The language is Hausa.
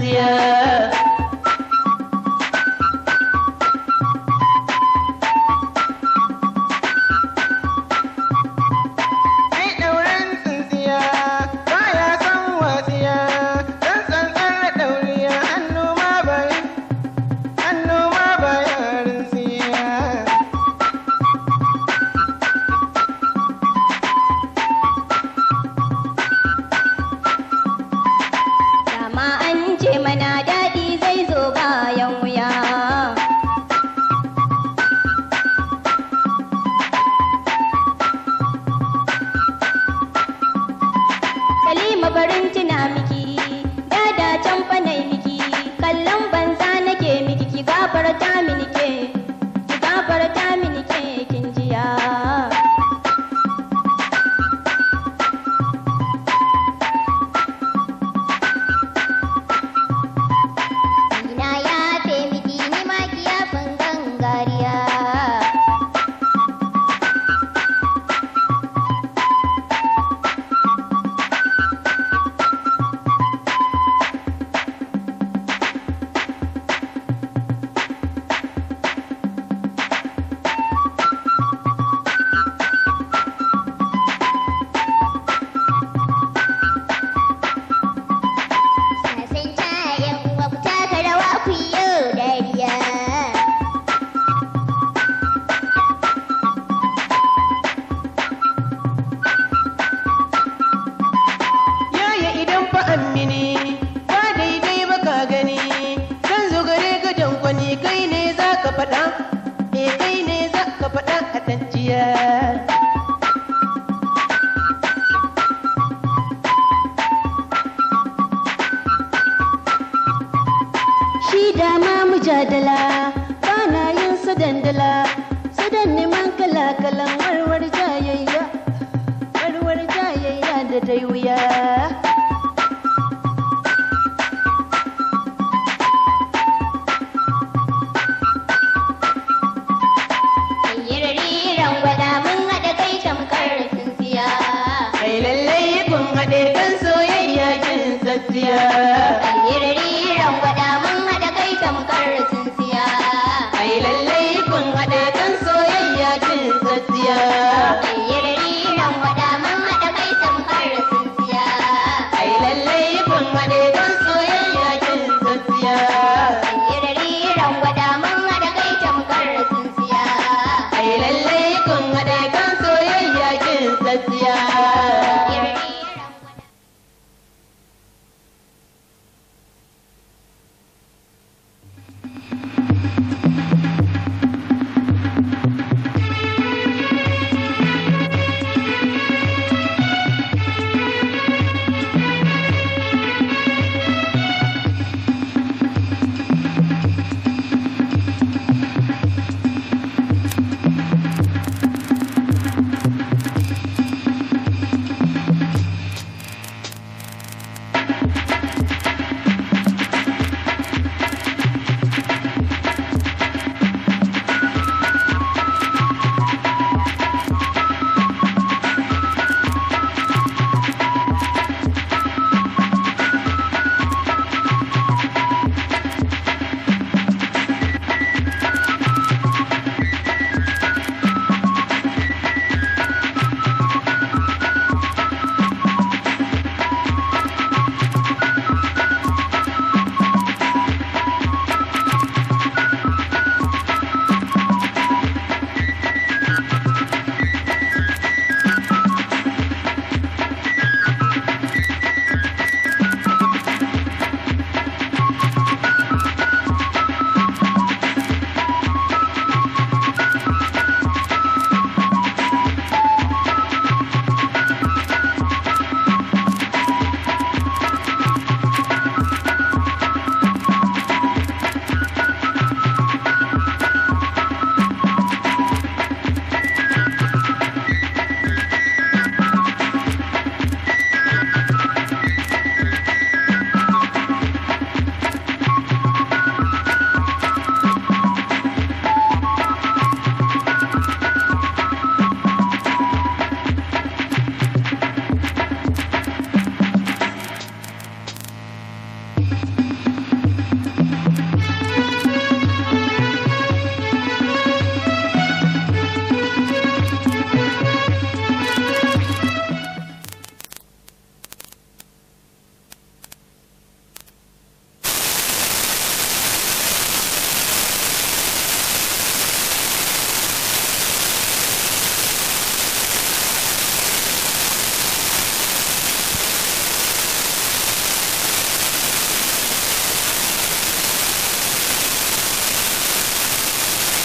Yeah. dandala bana yin su dandala su danne man kala-kalan warwar jayayya